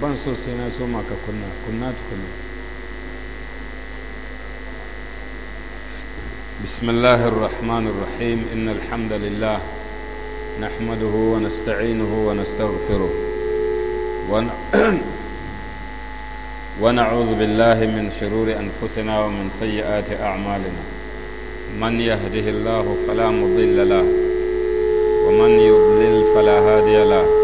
ban so sai na soma ka kunna kunna tukunna بسم الله الرحمن الرحيم إن الحمد لله نحمده ونستعينه ونستغفره ون... ونعوذ بالله من شرور أنفسنا ومن سيئات أعمالنا من يهده الله فلا مضل له ومن يضلل فلا هادي له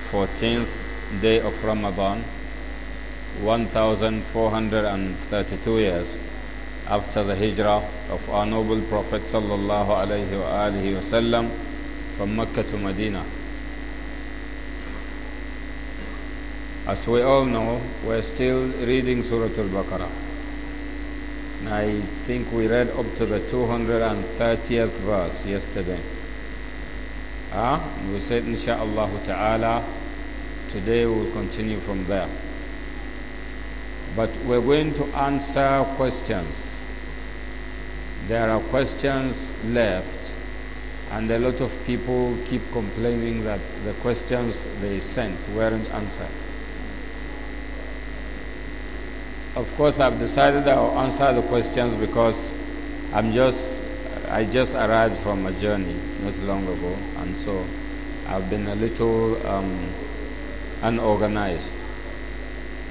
14th day of Ramadan, 1432 years after the hijrah of our noble Prophet sallallahu alaihi wasallam from Mecca to Medina. As we all know, we're still reading Surah Al-Baqarah. I think we read up to the 230th verse yesterday. Huh? Ah, we said, inshaAllah ta'ala, Today we will continue from there. But we're going to answer questions. There are questions left, and a lot of people keep complaining that the questions they sent weren't answered. Of course, I've decided I'll answer the questions because I'm just I just arrived from a journey not long ago, and so I've been a little. Um, unorganized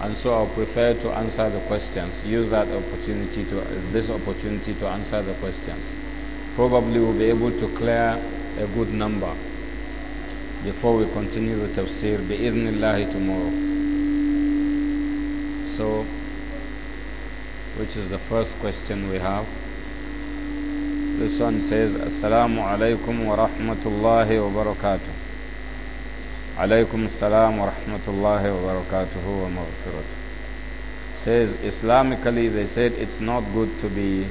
and so I prefer to answer the questions use that opportunity to this opportunity to answer the questions probably we'll be able to clear a good number before we continue the tafsir bi'idhnillahi tomorrow so which is the first question we have this one says assalamu alaikum wa rahmatullahi wa barakatuh alaikum assalam wa Says Islamically they said it's not good to be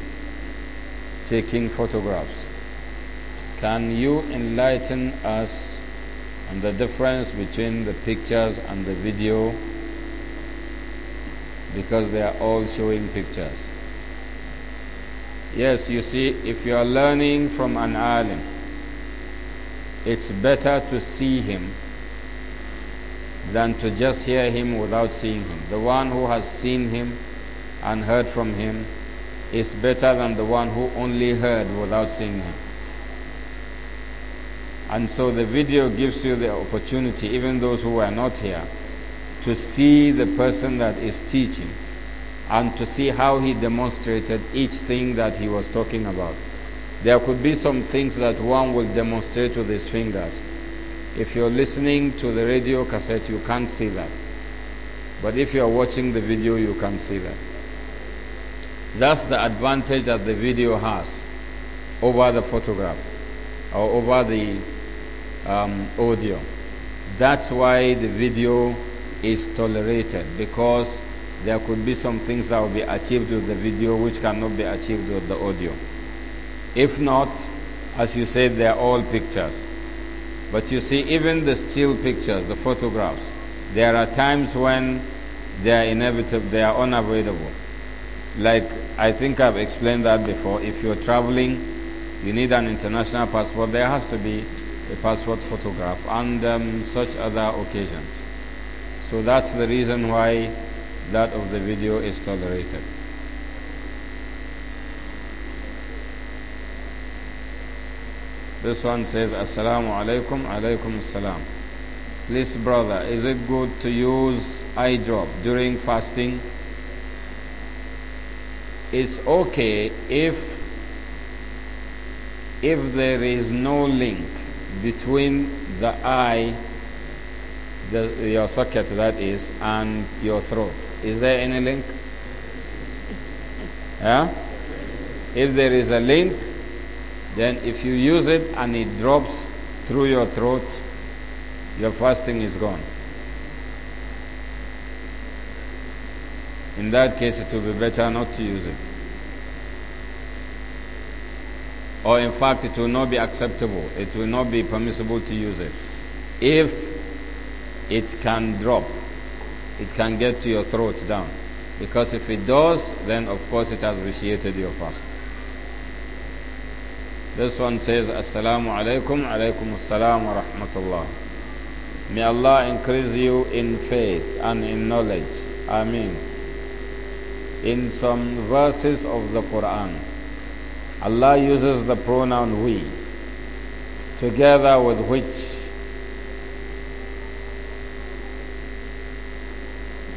taking photographs. Can you enlighten us on the difference between the pictures and the video? Because they are all showing pictures. Yes, you see, if you are learning from an alim, it's better to see him than to just hear him without seeing him. The one who has seen him and heard from him is better than the one who only heard without seeing him. And so the video gives you the opportunity, even those who are not here, to see the person that is teaching and to see how he demonstrated each thing that he was talking about. There could be some things that one will demonstrate with his fingers if you're listening to the radio cassette, you can't see that. But if you're watching the video, you can see that. That's the advantage that the video has over the photograph or over the um, audio. That's why the video is tolerated because there could be some things that will be achieved with the video which cannot be achieved with the audio. If not, as you said, they are all pictures. But you see, even the still pictures, the photographs, there are times when they are inevitable, they are unavoidable. Like I think I've explained that before. If you're traveling, you need an international passport. There has to be a passport photograph and um, such other occasions. So that's the reason why that of the video is tolerated. This one says, Assalamu alaikum, alaikum assalam. Please, brother, is it good to use eye drop during fasting? It's okay if if there is no link between the eye, the, your socket that is, and your throat. Is there any link? Yeah? If there is a link, then if you use it and it drops through your throat, your fasting is gone. In that case, it will be better not to use it. Or, in fact, it will not be acceptable. It will not be permissible to use it. If it can drop, it can get to your throat down. Because if it does, then of course it has vitiated your fast. This one says, Assalamu alaikum, alaikum assalam wa rahmatullah. May Allah increase you in faith and in knowledge. Ameen. In some verses of the Quran, Allah uses the pronoun we, together with which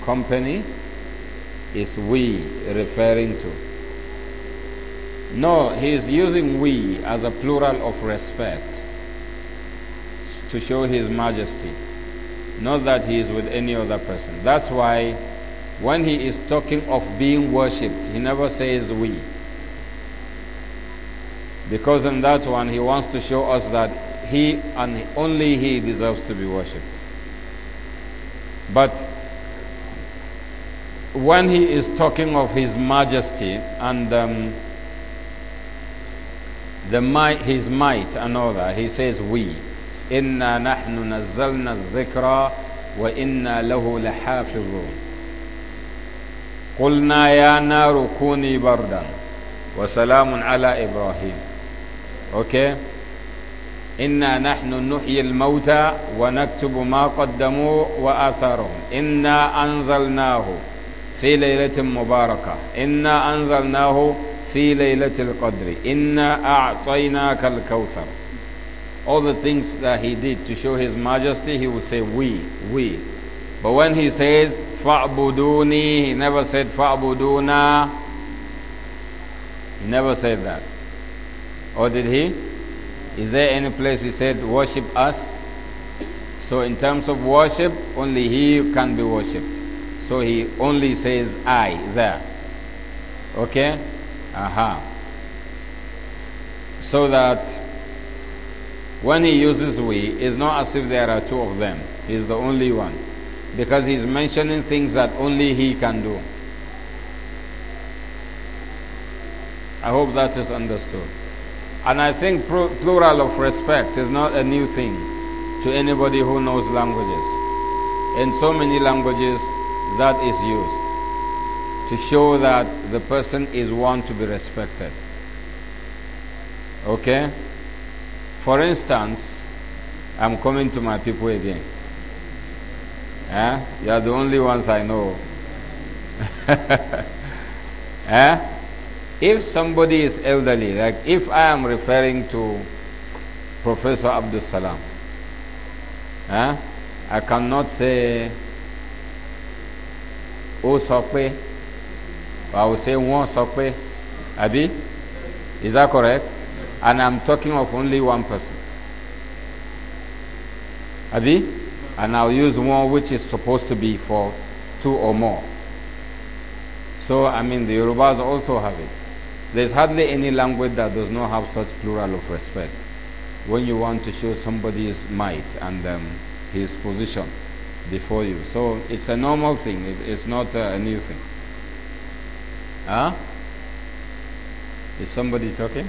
company is we referring to. No, he is using we as a plural of respect to show his majesty, not that he is with any other person. That's why when he is talking of being worshipped, he never says we. Because in that one, he wants to show us that he and only he deserves to be worshipped. But when he is talking of his majesty and um, the might, his might, another. He says, we. إنا نحن نزلنا الذكر وإنا له لحافظون قلنا يا نار كوني بردا وسلام على إبراهيم أوكي okay. إنا نحن نحيي الموتى ونكتب ما قدموا وآثارهم إنا أنزلناه في ليلة مباركة إنا أنزلناه في ليلة القدر إنا أعطيناك الكوثر all the things that he did to show his majesty he would say we we but when he says fa'buduni he never said fa'buduna he never said that or did he is there any place he said worship us so in terms of worship only he can be worshipped so he only says i there okay Aha. So that when he uses we, it's not as if there are two of them. He's the only one. Because he's mentioning things that only he can do. I hope that is understood. And I think plural of respect is not a new thing to anybody who knows languages. In so many languages, that is used to show that the person is one to be respected. Okay? For instance, I'm coming to my people again. Eh? You are the only ones I know. eh? If somebody is elderly, like if I am referring to Professor Abdul Salam, eh? I cannot say, O oh, Sokwe. I will say one sokwe. Abi? Is that correct? And I'm talking of only one person. Abi? And I'll use one which is supposed to be for two or more. So, I mean, the Yorubas also have it. There's hardly any language that does not have such plural of respect. When you want to show somebody's might and um, his position before you. So, it's a normal thing, it, it's not uh, a new thing. Huh? Is somebody talking?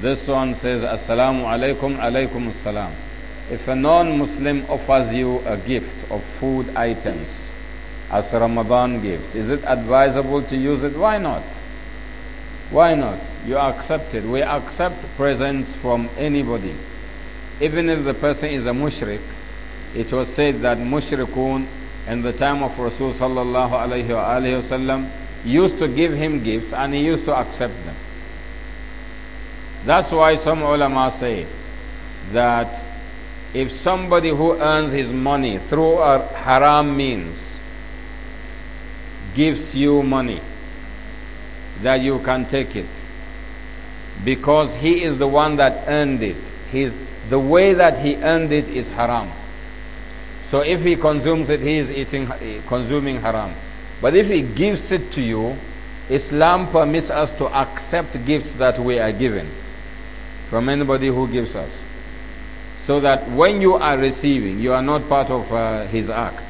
This one says, Assalamu alaikum, alaikum assalam. If a non Muslim offers you a gift of food items as a Ramadan gift, is it advisable to use it? Why not? Why not? You accept it. We accept presents from anybody. Even if the person is a mushrik, it was said that mushrikun in the time of Rasul sallallahu alayhi used to give him gifts and he used to accept them. That's why some ulama say that if somebody who earns his money through a haram means gives you money, that you can take it because he is the one that earned it. His, the way that he earned it is haram. So if he consumes it, he is eating, consuming haram. But if he gives it to you, Islam permits us to accept gifts that we are given from anybody who gives us. So that when you are receiving, you are not part of uh, his act.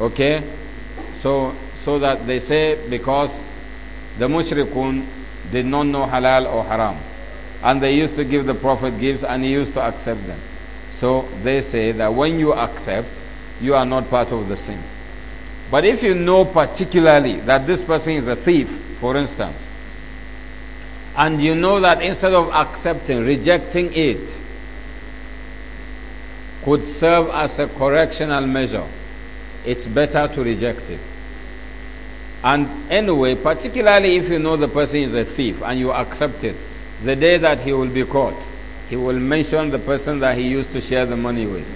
Okay? So, so that they say because the mushrikun did not know halal or haram. And they used to give the Prophet gifts and he used to accept them. So they say that when you accept, you are not part of the sin. But if you know particularly that this person is a thief, for instance, and you know that instead of accepting, rejecting it could serve as a correctional measure, it's better to reject it. And anyway, particularly if you know the person is a thief and you accept it, the day that he will be caught, he will mention the person that he used to share the money with.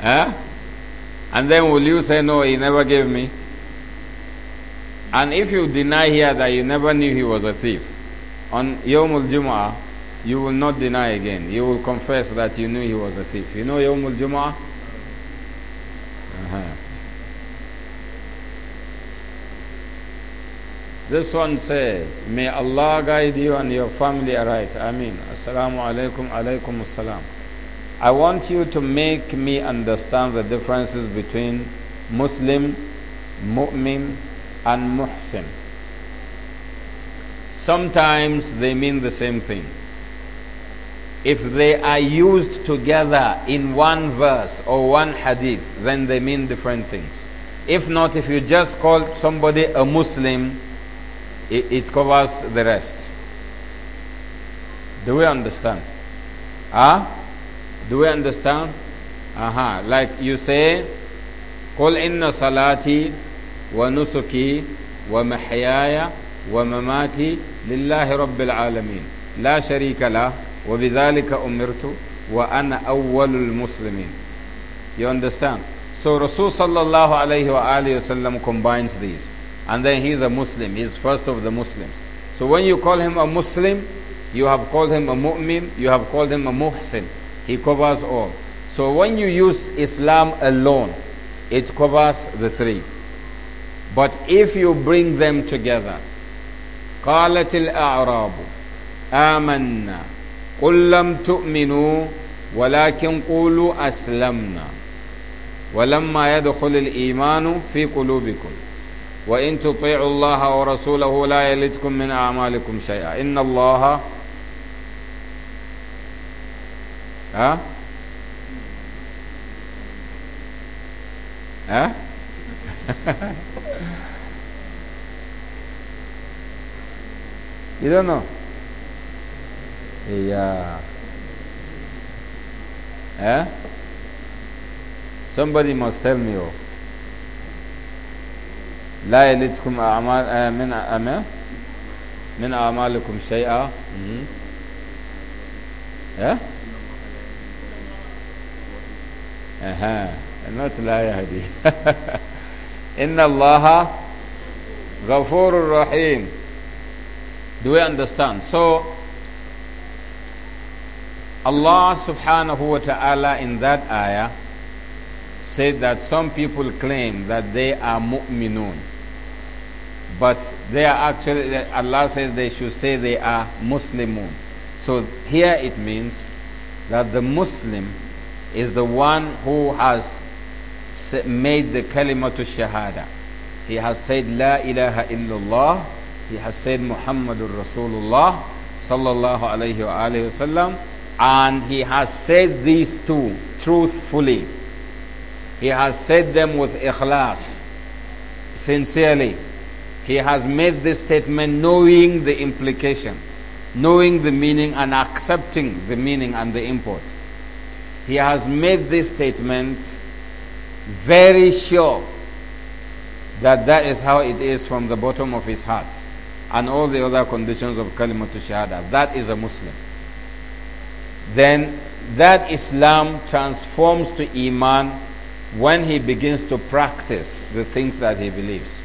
eh? And then will you say, No, he never gave me? And if you deny here that you never knew he was a thief, on Yomul Jum'ah, you will not deny again. You will confess that you knew he was a thief. You know Yomul Jum'ah? This one says, May Allah guide you and your family aright. Ameen. Assalamu alaikum, alaikum assalam. I want you to make me understand the differences between Muslim, Mu'min, and Muhsin. Sometimes they mean the same thing. If they are used together in one verse or one hadith, then they mean different things. If not, if you just call somebody a Muslim, it, it covers the rest. Do we understand? Ah, huh? Do we understand? Aha. Uh -huh. Like you say, قل إن صلاتي ونسكي ومحياي ومماتي لله رب العالمين لا شريك له وبذلك أمرت وأنا أول المسلمين You understand? So Rasul sallallahu alayhi wa combines these and then he's a Muslim, he's first of the Muslims. So when you call him a Muslim, you have called him a mu'min, you have called him a muhsin. He covers all. So when you use Islam alone, it covers the three. But if you bring them together, قالت الأعراب آمنا قل لم تؤمنوا ولكن قولوا أسلمنا ولما يدخل الإيمان في قلوبكم وإن تطيعوا الله ورسوله لا يلدكم من أعمالكم شيئا إن الله ها ها you don't know yeah eh somebody must tell me oh لا يلدكم أعمال من من أعمالكم شيئا ها النوت لا يهدي إن الله غفور رحيم Do we understand? So Allah subhanahu wa ta'ala in that ayah said that some people claim that they are mu'minun But they are actually, Allah says they should say they are Muslimun. So here it means that the Muslim is the one who has made the kalimatu shahada. He has said La ilaha illallah. He has said Muhammadur Rasulullah sallallahu alayhi wa wasallam. And he has said these two truthfully. He has said them with ikhlas, sincerely. He has made this statement knowing the implication, knowing the meaning, and accepting the meaning and the import. He has made this statement very sure that that is how it is from the bottom of his heart and all the other conditions of kalimatu shahada that is a muslim then that islam transforms to iman when he begins to practice the things that he believes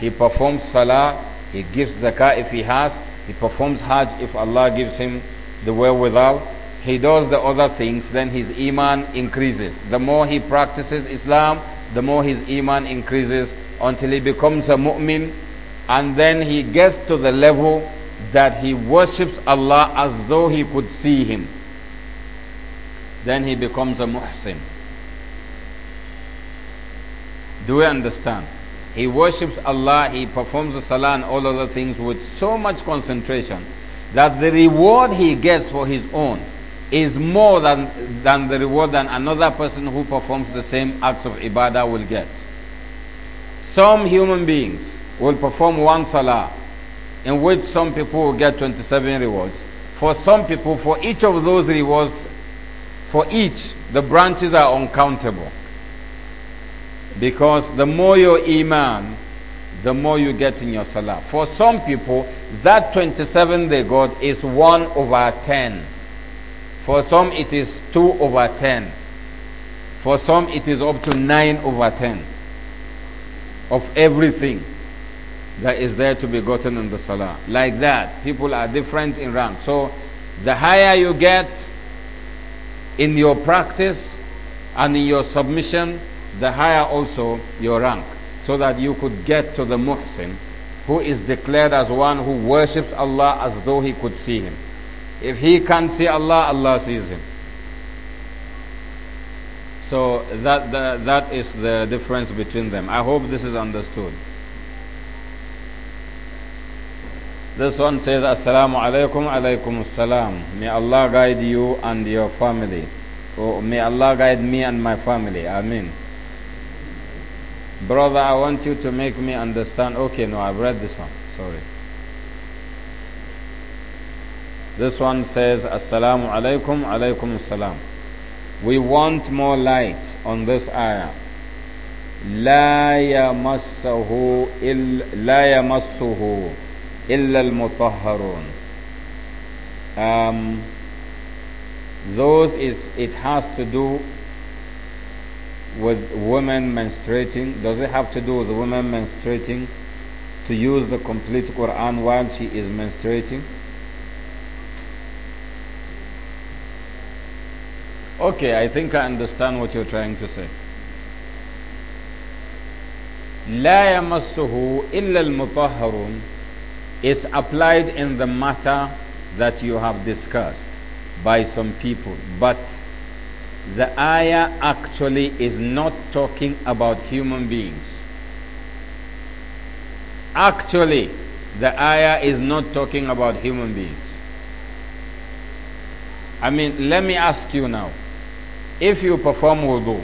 he performs salah, he gives zakah if he has, he performs hajj if Allah gives him the wherewithal. He does the other things, then his iman increases. The more he practices Islam, the more his iman increases until he becomes a mu'min and then he gets to the level that he worships Allah as though he could see him. Then he becomes a muhsin. Do we understand? He worships Allah, he performs the salah and all other things with so much concentration that the reward he gets for his own is more than, than the reward than another person who performs the same acts of ibadah will get. Some human beings will perform one salah in which some people will get 27 rewards. For some people, for each of those rewards, for each, the branches are uncountable. Because the more your iman, the more you get in your salah. For some people, that 27 they got is 1 over 10. For some, it is 2 over 10. For some, it is up to 9 over 10 of everything that is there to be gotten in the salah. Like that, people are different in rank. So, the higher you get in your practice and in your submission, the higher also your rank, so that you could get to the muhsin, who is declared as one who worships Allah as though he could see him. If he can't see Allah, Allah sees him. So that, that, that is the difference between them. I hope this is understood. This one says, Assalamu alaikum, alaikum assalam. May Allah guide you and your family. Oh, may Allah guide me and my family. Amen. Brother, I want you to make me understand. Okay, no, I've read this one. Sorry. This one says, Assalamu alaikum, alaikum assalam. We want more light on this ayah. لا يمسه إلا لا يمسه إلا المطهرون. Um, those is it has to do with women menstruating? Does it have to do with women menstruating to use the complete Quran while she is menstruating? Okay, I think I understand what you're trying to say. لا يمسه إلا المطهرون is applied in the matter that you have discussed by some people, but the ayah actually is not talking about human beings. Actually, the ayah is not talking about human beings. I mean, let me ask you now. If you perform wudu,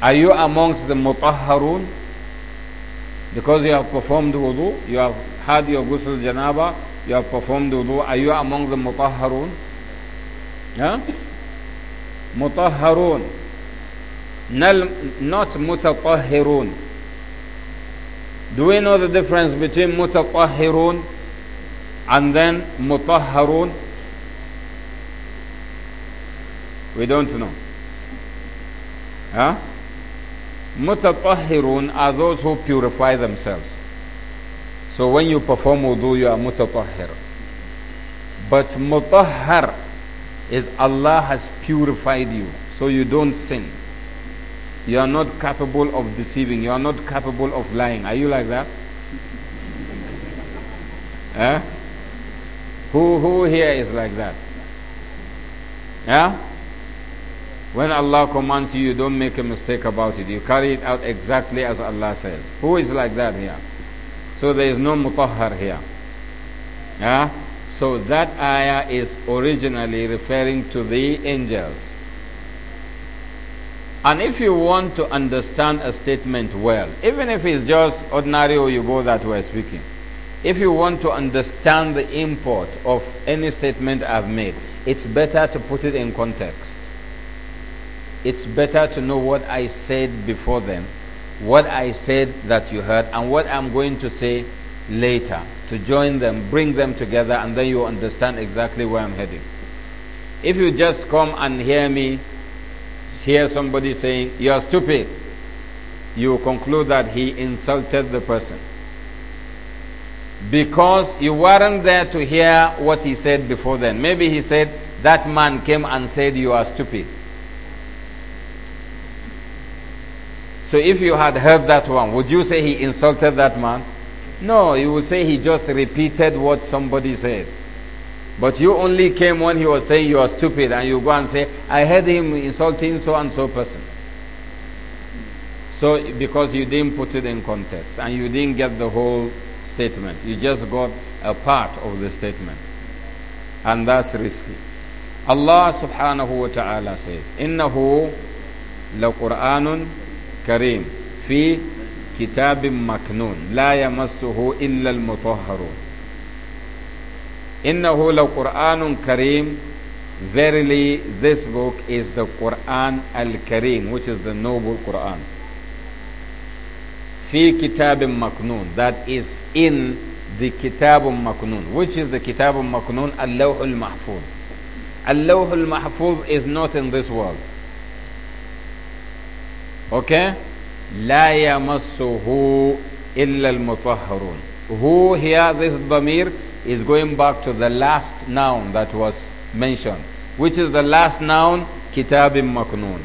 are you amongst the mutahharun? Because you have performed wudu, you have had your ghusl janaba, you have performed wudu, are you among the mutahharun? Yeah? Mutahharun, not متطهرون do we know the difference between متطهرون and then mutahharun? we don't know huh? متطهرون are those who purify themselves so when you perform wudu you are متطهر but مطهر is Allah has purified you, so you don't sin. You are not capable of deceiving. You are not capable of lying. Are you like that? eh? Who, who here is like that? Yeah? When Allah commands you, you don't make a mistake about it. You carry it out exactly as Allah says. Who is like that here? So there is no mutahhar here. Yeah? So that ayah is originally referring to the angels. And if you want to understand a statement well, even if it's just ordinary go that we're speaking, if you want to understand the import of any statement I've made, it's better to put it in context. It's better to know what I said before them, what I said that you heard, and what I'm going to say later to join them, bring them together, and then you understand exactly where I'm heading. If you just come and hear me, hear somebody saying, You're stupid, you conclude that he insulted the person. Because you weren't there to hear what he said before then. Maybe he said, That man came and said, You are stupid. So if you had heard that one, would you say he insulted that man? No, you will say he just repeated what somebody said. But you only came when he was saying you are stupid, and you go and say, I heard him insulting so and so person. So, because you didn't put it in context and you didn't get the whole statement, you just got a part of the statement. And that's risky. Allah subhanahu wa ta'ala says, إنه لقرآن كريم في كتاب مكنون لا يمسه إلا المطهرون إنه لو قرآن كريم Verily, this book is the Quran al-Karim, which is the noble Quran. في كتاب مكنون that is in the كتاب مكنون which is the كتاب مكنون اللوح المحفوظ اللوح المحفوظ is not in this world okay لا يمسه إلا المطهرون who here this damir is going back to the last noun that was mentioned which is the last noun كتاب maknun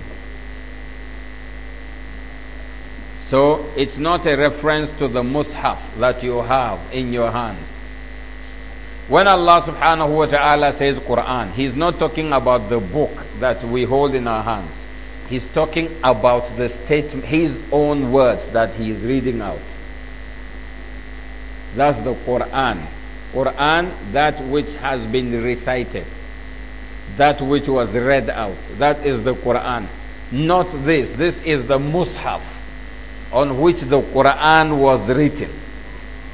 so it's not a reference to the mushaf that you have in your hands when allah subhanahu wa ta'ala says quran he's not talking about the book that we hold in our hands he's talking about the statement, his own words that he is reading out. That's the Quran. Quran, that which has been recited, that which was read out. That is the Quran. Not this. This is the Mus'haf on which the Quran was written.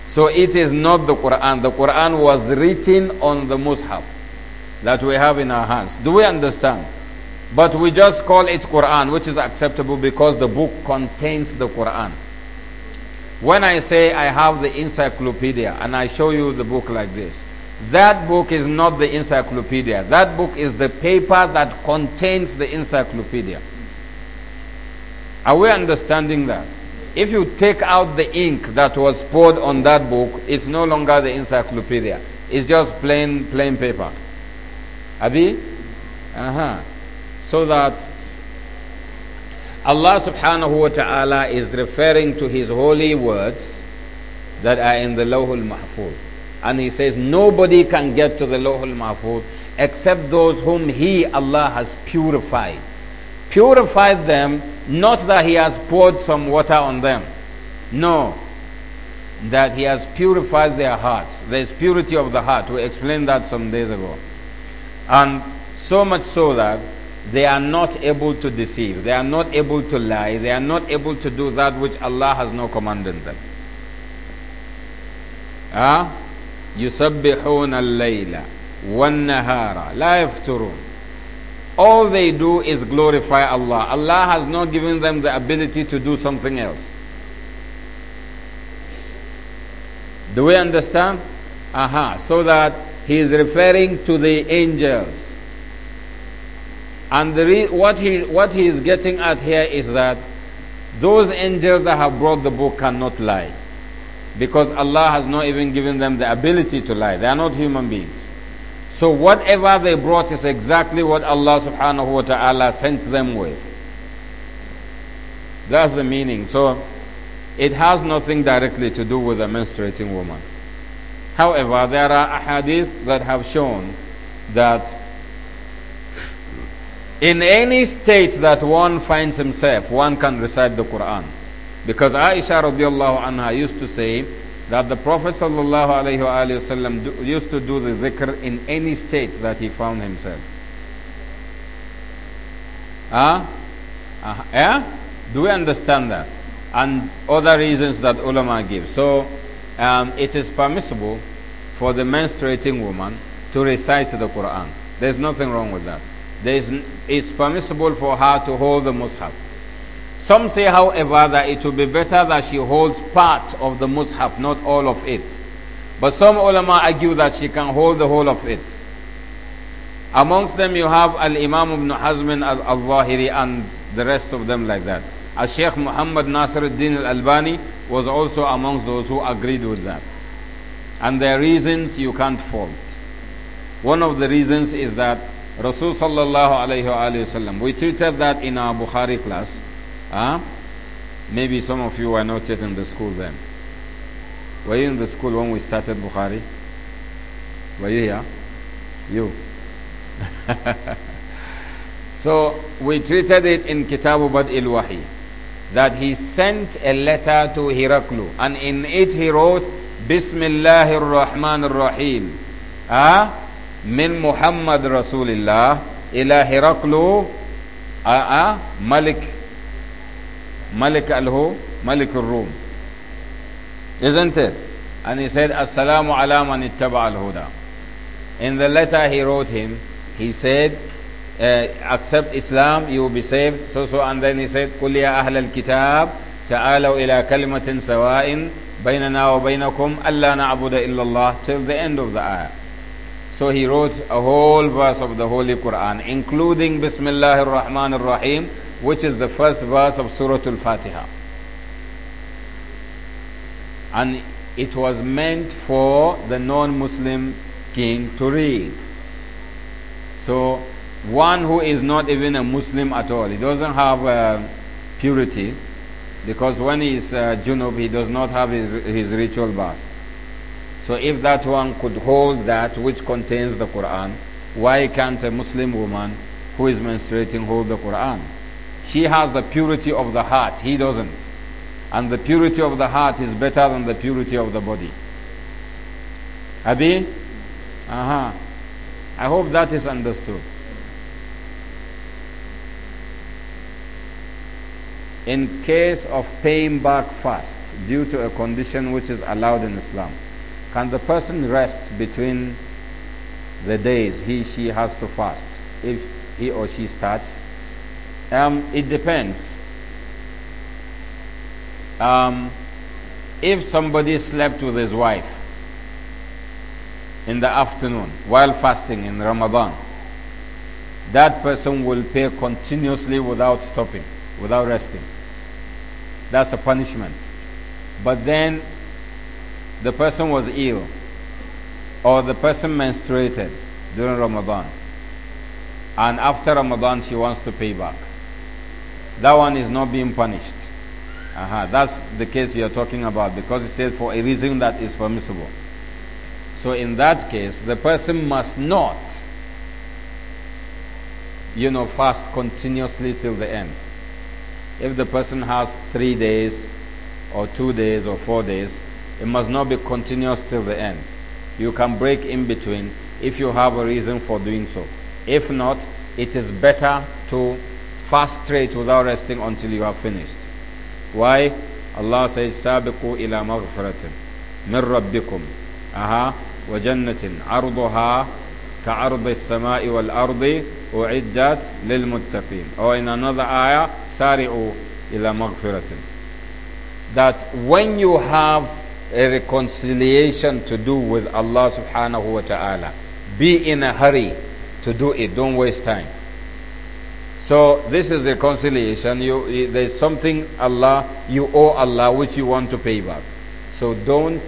So it is not the Quran. The Quran was written on the Mus'haf that we have in our hands. Do we understand? But we just call it Quran, which is acceptable because the book contains the Quran. When I say I have the encyclopedia and I show you the book like this, that book is not the encyclopedia. That book is the paper that contains the encyclopedia. Are we understanding that? If you take out the ink that was poured on that book, it's no longer the encyclopedia. It's just plain plain paper. Abi? Uh-huh. So that Allah subhanahu wa ta'ala is referring to His holy words that are in the Lawhul Mahfuz. And He says, Nobody can get to the Lawhul Mahfuz except those whom He, Allah, has purified. Purified them, not that He has poured some water on them. No, that he has purified their hearts. There is purity of the heart. We explained that some days ago. And so much so that they are not able to deceive, they are not able to lie, they are not able to do that which Allah has not commanded them. Huh? يسبحون الليل والنهار لا يفترون All they do is glorify Allah. Allah has not given them the ability to do something else. Do we understand? Aha. So that he is referring to the angels. And the what, he, what he is getting at here is that those angels that have brought the book cannot lie. Because Allah has not even given them the ability to lie. They are not human beings. So whatever they brought is exactly what Allah subhanahu wa ta'ala sent them with. That's the meaning. So it has nothing directly to do with a menstruating woman. However, there are ahadith that have shown that in any state that one finds himself, one can recite the Quran. Because Aisha radiallahu anha used to say that the Prophet sallallahu alayhi wasallam used to do the dhikr in any state that he found himself. Huh? Uh, yeah? Do we understand that? And other reasons that ulama give. So um, it is permissible for the menstruating woman to recite the Quran. There's nothing wrong with that there is, it's permissible for her to hold the mushaf. Some say, however, that it would be better that she holds part of the mushaf, not all of it. But some ulama argue that she can hold the whole of it. Amongst them, you have Al Imam ibn Hazm al Zahiri and the rest of them like that. Al Sheikh Muhammad Nasir al-Din al Albani was also amongst those who agreed with that. And their reasons you can't fault. One of the reasons is that Rasul sallallahu alayhi wa sallam. We treated that in our Bukhari class. Huh? Maybe some of you were not yet in the school then. Were you in the school when we started Bukhari? Were you here? You. so we treated it in Kitabu Bad il Wahi that he sent a letter to Heraklu and in it he wrote Bismillahir Rahmanir Rahim. Huh? من محمد رسول الله إلى هرقل آه، آه، ملك ملك الهو ملك الروم isn't it and he said السلام على من اتبع الهدى in the letter he wrote him he said uh, accept islam you will be saved so so and then he said قل يا أهل الكتاب تعالوا إلى كلمة سواء بيننا وبينكم ألا نعبد إلا الله till the end of the ayah So he wrote a whole verse of the Holy Quran, including Bismillah ar-Rahman ar-Rahim, which is the first verse of Surah Al-Fatiha. And it was meant for the non-Muslim king to read. So one who is not even a Muslim at all, he doesn't have uh, purity, because when he is uh, junub, he does not have his, his ritual bath. So if that one could hold that which contains the Quran, why can't a Muslim woman who is menstruating hold the Quran? She has the purity of the heart, he doesn't. And the purity of the heart is better than the purity of the body. Abi? Uh huh. I hope that is understood. In case of paying back fast due to a condition which is allowed in Islam. Can the person rest between the days he, she has to fast if he or she starts? Um, it depends. Um, if somebody slept with his wife in the afternoon while fasting in Ramadan, that person will pay continuously without stopping, without resting. That's a punishment. But then the person was ill or the person menstruated during Ramadan and after Ramadan she wants to pay back. That one is not being punished. Uh -huh. That's the case you're talking about because it said for a reason that is permissible. So in that case, the person must not, you know, fast continuously till the end. If the person has three days or two days or four days, it must not be continuous till the end. You can break in between if you have a reason for doing so. If not, it is better to fast straight without resting until you have finished. Why? Allah says, سابقوا إلى مغفرة من ربكم أها وجنة عرضها كعرض السماء والأرض أعدت للمتقين or in another ayah سارعوا إلى مغفرة that when you have a reconciliation to do with Allah subhanahu wa ta'ala. Be in a hurry to do it, don't waste time. So this is reconciliation. You, there's something Allah, you owe Allah which you want to pay back. So don't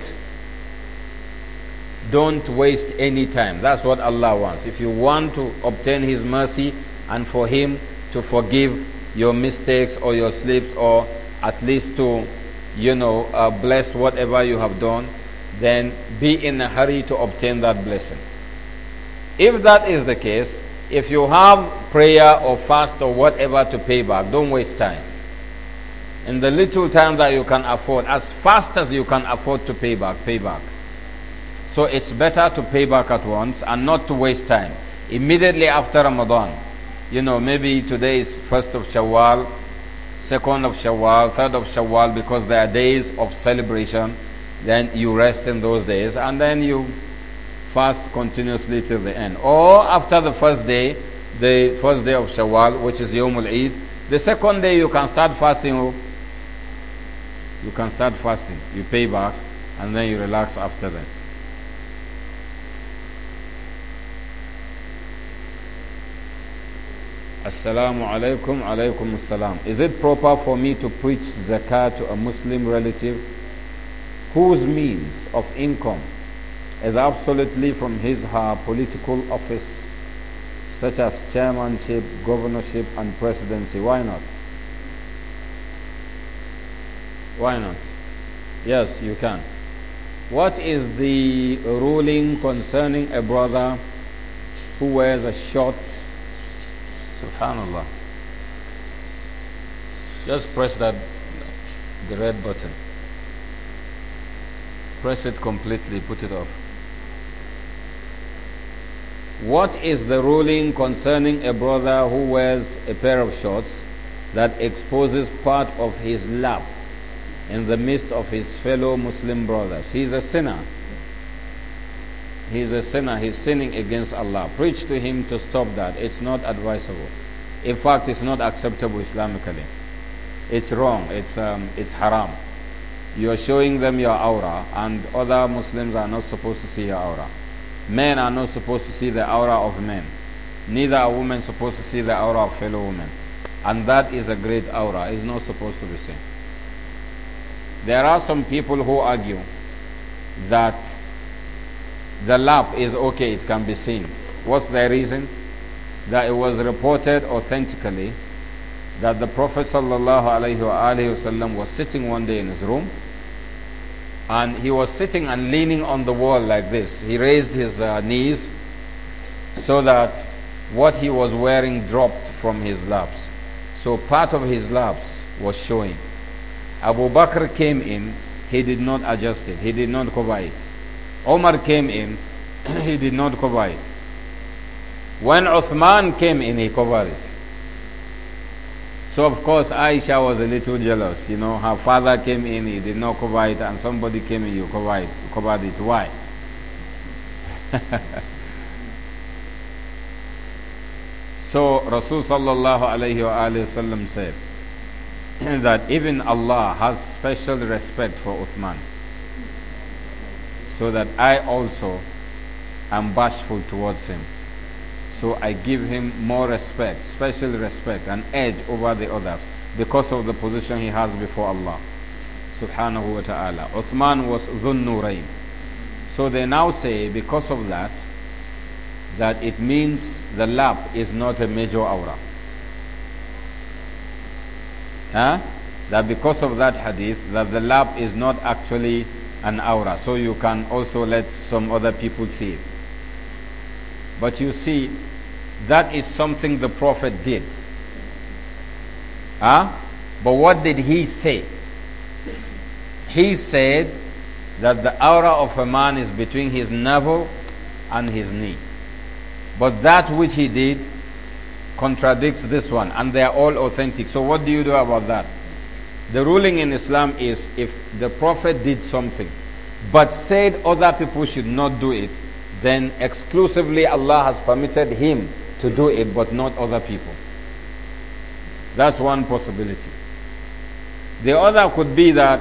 don't waste any time. That's what Allah wants. If you want to obtain His mercy and for Him to forgive your mistakes or your slips or at least to you know, uh, bless whatever you have done, then be in a hurry to obtain that blessing. If that is the case, if you have prayer or fast or whatever to pay back, don't waste time. In the little time that you can afford, as fast as you can afford to pay back, pay back. So it's better to pay back at once and not to waste time. Immediately after Ramadan, you know, maybe today is 1st of Shawwal, second of Shawwal, third of Shawwal, because they are days of celebration. Then you rest in those days and then you fast continuously till the end. Or after the first day, the first day of Shawwal, which is Yomul Eid, the second day you can start fasting. Oh. You can start fasting. You pay back and then you relax after that. Assalamu alaikum, alaikum assalam. Is it proper for me to preach zakat to a Muslim relative whose means of income is absolutely from his her political office, such as chairmanship, governorship, and presidency? Why not? Why not? Yes, you can. What is the ruling concerning a brother who wears a short Subhanallah. Just press that the red button. Press it completely, put it off. What is the ruling concerning a brother who wears a pair of shorts that exposes part of his lap in the midst of his fellow Muslim brothers? He is a sinner. He's a sinner, he's sinning against Allah. Preach to him to stop that. It's not advisable. In fact, it's not acceptable Islamically. It's wrong, it's, um, it's haram. You're showing them your aura, and other Muslims are not supposed to see your aura. Men are not supposed to see the aura of men. Neither are women supposed to see the aura of fellow women. And that is a great aura. It's not supposed to be seen. There are some people who argue that the lap is okay, it can be seen. What's the reason? That it was reported authentically that the Prophet ﷺ was sitting one day in his room and he was sitting and leaning on the wall like this. He raised his uh, knees so that what he was wearing dropped from his laps. So part of his laps was showing. Abu Bakr came in, he did not adjust it, he did not cover it. Omar came in, he did not cover it. When Uthman came in, he covered it. So, of course, Aisha was a little jealous. You know, her father came in, he did not cover it, and somebody came in, you covered it. Covered it. Why? so, Rasulullah sallallahu said that even Allah has special respect for Uthman so that I also am bashful towards him. So I give him more respect, special respect, and edge over the others because of the position he has before Allah. Subhanahu wa ta'ala. Uthman was Dhun So they now say, because of that, that it means the lap is not a major aura. Huh? That because of that hadith, that the lap is not actually an aura so you can also let some other people see it. But you see, that is something the Prophet did. Huh? But what did he say? He said that the aura of a man is between his navel and his knee. But that which he did contradicts this one, and they are all authentic. So, what do you do about that? The ruling in Islam is if the Prophet did something but said other people should not do it, then exclusively Allah has permitted him to do it but not other people. That's one possibility. The other could be that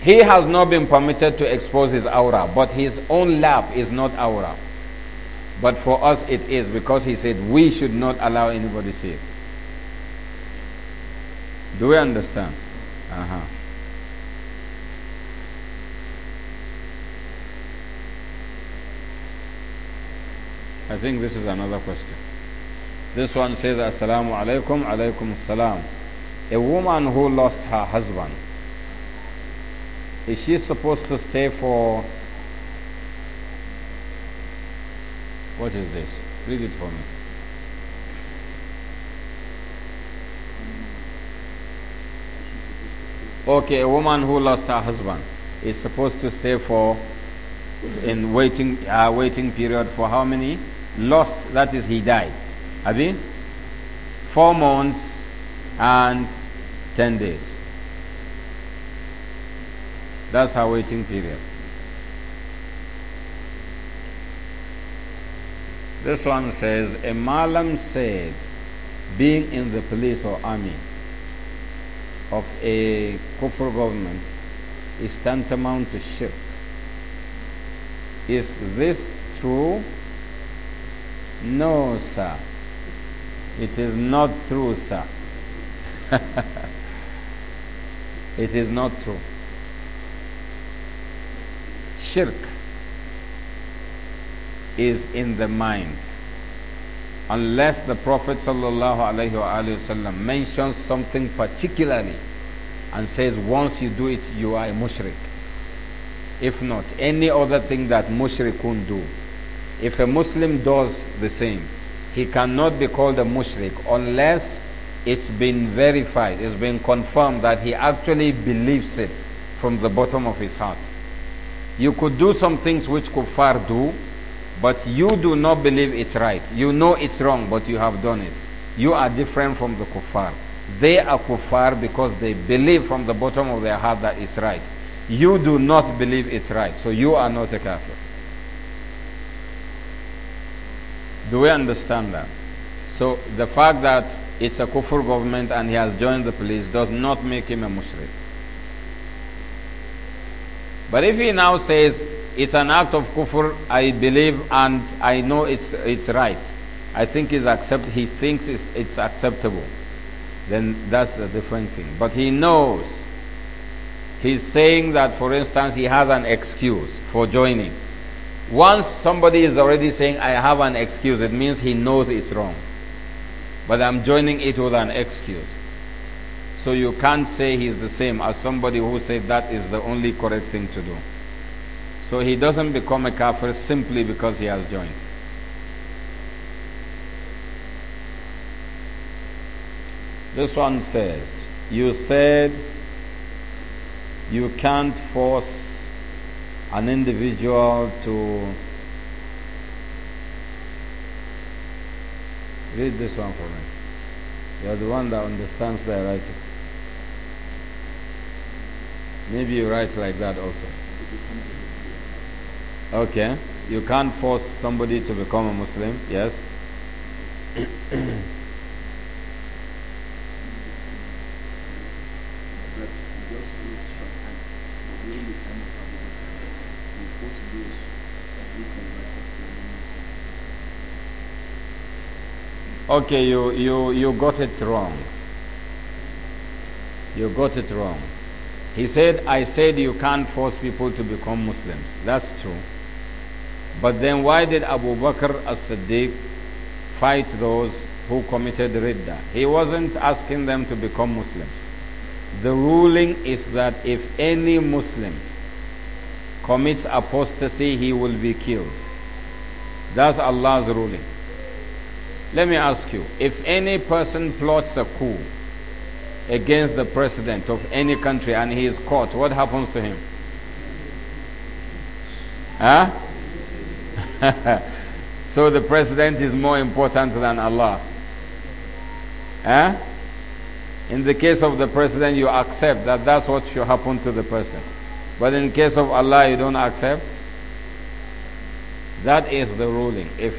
he has not been permitted to expose his aura, but his own lap is not aura. But for us it is because he said we should not allow anybody see it. Do we understand? Uh-huh. I think this is another question. This one says, Assalamu alaikum, alaikum salam." A woman who lost her husband, is she supposed to stay for. What is this? Read it for me. Okay, a woman who lost her husband is supposed to stay for in waiting uh, waiting period for how many? Lost, that is he died. Abi? Four months and ten days. That's her waiting period. This one says, a malam said, being in the police or army of a kufr government is tantamount to shirk. Is this true? No, sir. It is not true, sir. it is not true. Shirk is in the mind unless the Prophet ﷺ mentions something particularly and says once you do it you are a mushrik. If not, any other thing that mushrikun do. If a Muslim does the same, he cannot be called a mushrik unless it's been verified, it's been confirmed that he actually believes it from the bottom of his heart. You could do some things which kuffar do, but you do not believe it's right. You know it's wrong, but you have done it. You are different from the kuffar. They are kuffar because they believe from the bottom of their heart that it's right. You do not believe it's right, so you are not a kafir. Do we understand that? So the fact that it's a kufr government and he has joined the police does not make him a Muslim. But if he now says, it's an act of kufr, I believe, and I know it's, it's right. I think he's accept, he thinks it's, it's acceptable. Then that's a different thing. But he knows. He's saying that, for instance, he has an excuse for joining. Once somebody is already saying, I have an excuse, it means he knows it's wrong. But I'm joining it with an excuse. So you can't say he's the same as somebody who said that is the only correct thing to do. So he doesn't become a kafir simply because he has joined. This one says, You said you can't force an individual to. Read this one for me. You're the one that understands the writing. Maybe you write like that also. Okay. You can't force somebody to become a Muslim. Yes. okay you you you got it wrong you got it wrong he said i said you can't force people to become muslims that's true but then why did Abu Bakr as-Siddiq fight those who committed ridda? He wasn't asking them to become Muslims. The ruling is that if any Muslim commits apostasy, he will be killed. That's Allah's ruling. Let me ask you, if any person plots a coup against the president of any country and he is caught, what happens to him? Huh? so the president is more important than Allah. Eh? In the case of the president, you accept that that's what should happen to the person. But in case of Allah, you don't accept. That is the ruling. If,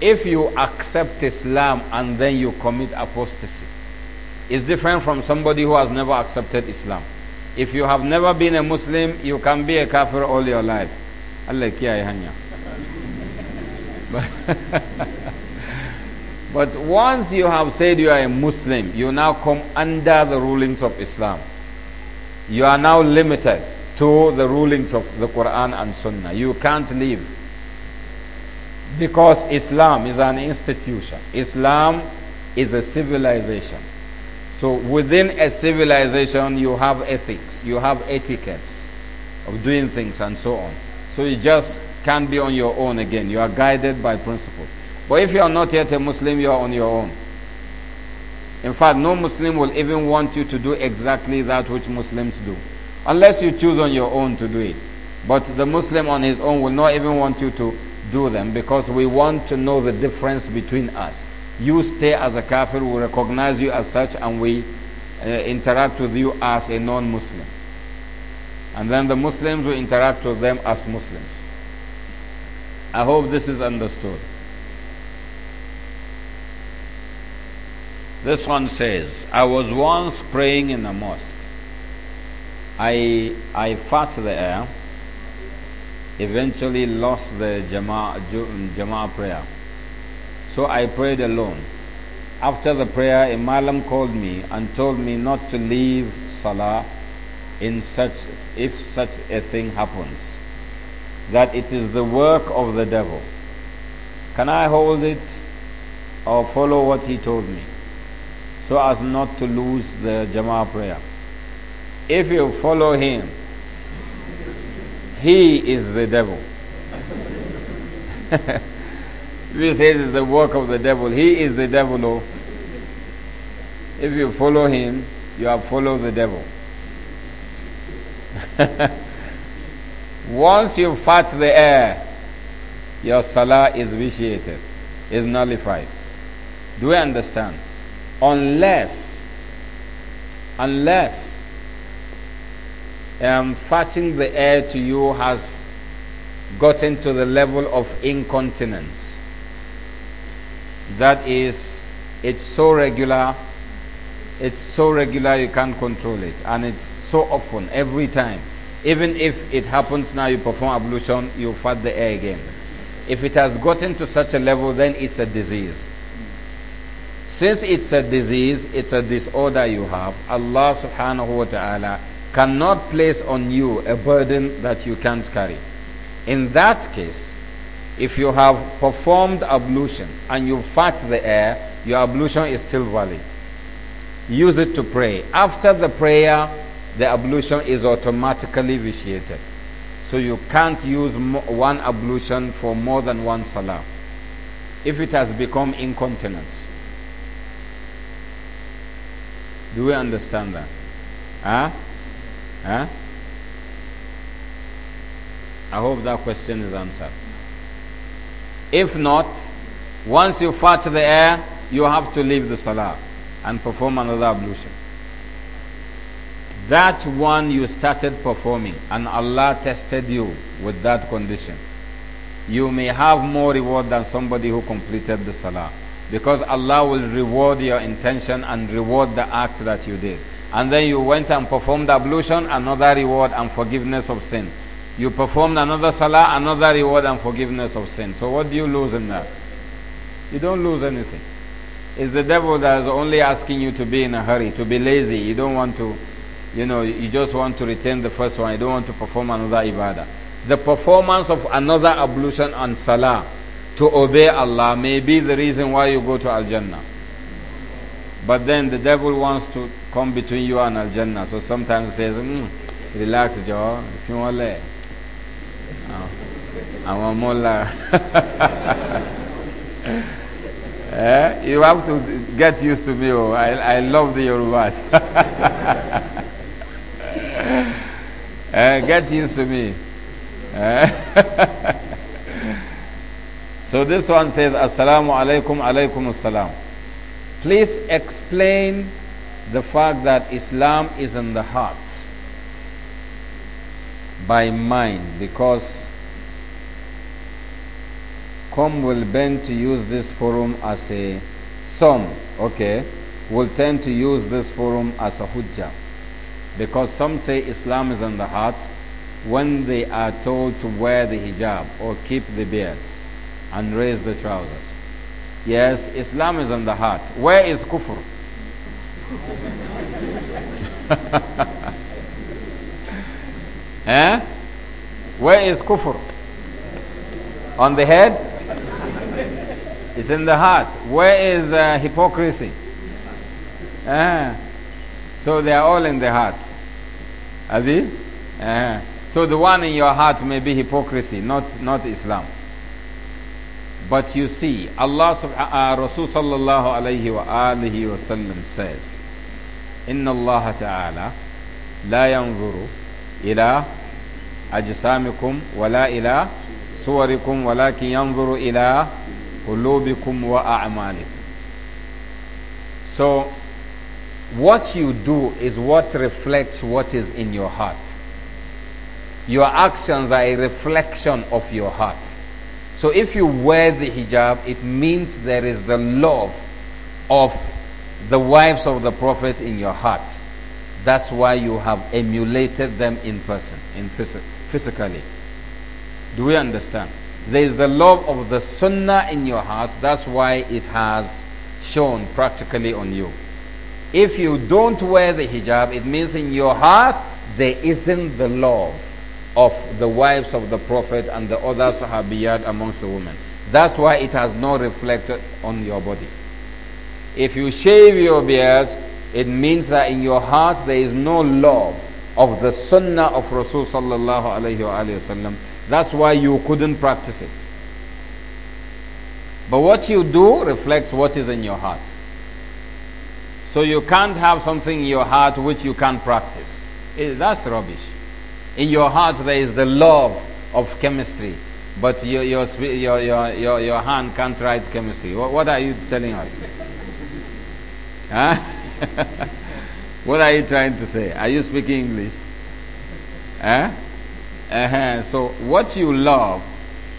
if you accept Islam and then you commit apostasy, it's different from somebody who has never accepted Islam. If you have never been a Muslim, you can be a kafir all your life. Allah kiyaye hanya. but once you have said you are a Muslim, you now come under the rulings of Islam. You are now limited to the rulings of the Quran and Sunnah. You can't leave because Islam is an institution. Islam is a civilization. So within a civilization, you have ethics, you have etiquettes of doing things and so on. So you just can't be on your own again. You are guided by principles. But if you are not yet a Muslim, you are on your own. In fact, no Muslim will even want you to do exactly that which Muslims do, unless you choose on your own to do it. But the Muslim on his own will not even want you to do them because we want to know the difference between us. You stay as a kafir, we recognize you as such, and we uh, interact with you as a non Muslim. And then the Muslims will interact with them as Muslims. I hope this is understood. This one says, I was once praying in a mosque. I, I fought the air, eventually lost the Jama'ah jama prayer. So I prayed alone. After the prayer, Imam called me and told me not to leave Salah in such, if such a thing happens that it is the work of the devil. Can I hold it or follow what he told me so as not to lose the Jama'ah prayer? If you follow him, he is the devil. says it's the work of the devil. He is the devil. No? Oh. If you follow him, you have followed the devil. Once you fart the air, your salah is vitiated, is nullified. Do we understand? Unless, unless um, farting the air to you has gotten to the level of incontinence. That is, it's so regular, it's so regular you can't control it, and it's so often, every time even if it happens now, you perform ablution, you fart the air again. If it has gotten to such a level, then it's a disease. Since it's a disease, it's a disorder you have, Allah subhanahu wa ta'ala cannot place on you a burden that you can't carry. In that case, if you have performed ablution and you fart the air, your ablution is still valid. Use it to pray. After the prayer, the ablution is automatically vitiated. So you can't use one ablution for more than one salah if it has become incontinence. Do we understand that? Huh? Huh? I hope that question is answered. If not, once you fart the air, you have to leave the salah and perform another ablution. That one you started performing and Allah tested you with that condition. You may have more reward than somebody who completed the salah. Because Allah will reward your intention and reward the act that you did. And then you went and performed ablution, another reward and forgiveness of sin. You performed another salah, another reward and forgiveness of sin. So what do you lose in that? You don't lose anything. It's the devil that is only asking you to be in a hurry, to be lazy. You don't want to you know, you just want to retain the first one, you don't want to perform another ibadah. The performance of another ablution and salah to obey Allah may be the reason why you go to Al Jannah. But then the devil wants to come between you and Al Jannah, so sometimes says, mm, Relax, Joe, if you want to. a Mullah. eh? You have to get used to me. Oh. I, I love the Yorubas. Uh, get used to me. Uh, so this one says, Assalamu alaikum, alaikum assalam. Please explain the fact that Islam is in the heart by mind because Com will bend to use this forum as a some, okay, will tend to use this forum as a hujjah. Because some say Islam is in the heart when they are told to wear the hijab or keep the beards and raise the trousers. Yes, Islam is in the heart. Where is kufr? eh? Where is kufr? On the head? It's in the heart. Where is uh, hypocrisy? Eh? So they are all in the heart. Abi? Uh, uh-huh. so the one in your heart may be hypocrisy, not, not Islam. But you see, Allah subhanahu uh, uh, Rasul sallallahu alayhi wa alihi wa sallam says, إن الله تعالى لا ينظر إلى أجسامكم ولا إلى صوركم ولكن ينظر إلى قلوبكم وأعمالكم. So what you do is what reflects what is in your heart. Your actions are a reflection of your heart. So if you wear the hijab, it means there is the love of the wives of the Prophet in your heart. That's why you have emulated them in person, in phys physically. Do we understand? There is the love of the sunnah in your heart. That's why it has shown practically on you. If you don't wear the hijab, it means in your heart there isn't the love of the wives of the Prophet and the other Sahabiyat amongst the women. That's why it has not reflected on your body. If you shave your beards, it means that in your heart there is no love of the sunnah of Rasul sallallahu alayhi That's why you couldn't practice it. But what you do reflects what is in your heart. So you can't have something in your heart which you can't practice. Eh, that's rubbish. In your heart there is the love of chemistry, but your, your, your, your, your, hand can't write chemistry. What, what are you telling us? Ah? what are you trying to say? Are you speaking English? Ah? Uh-huh. So what you love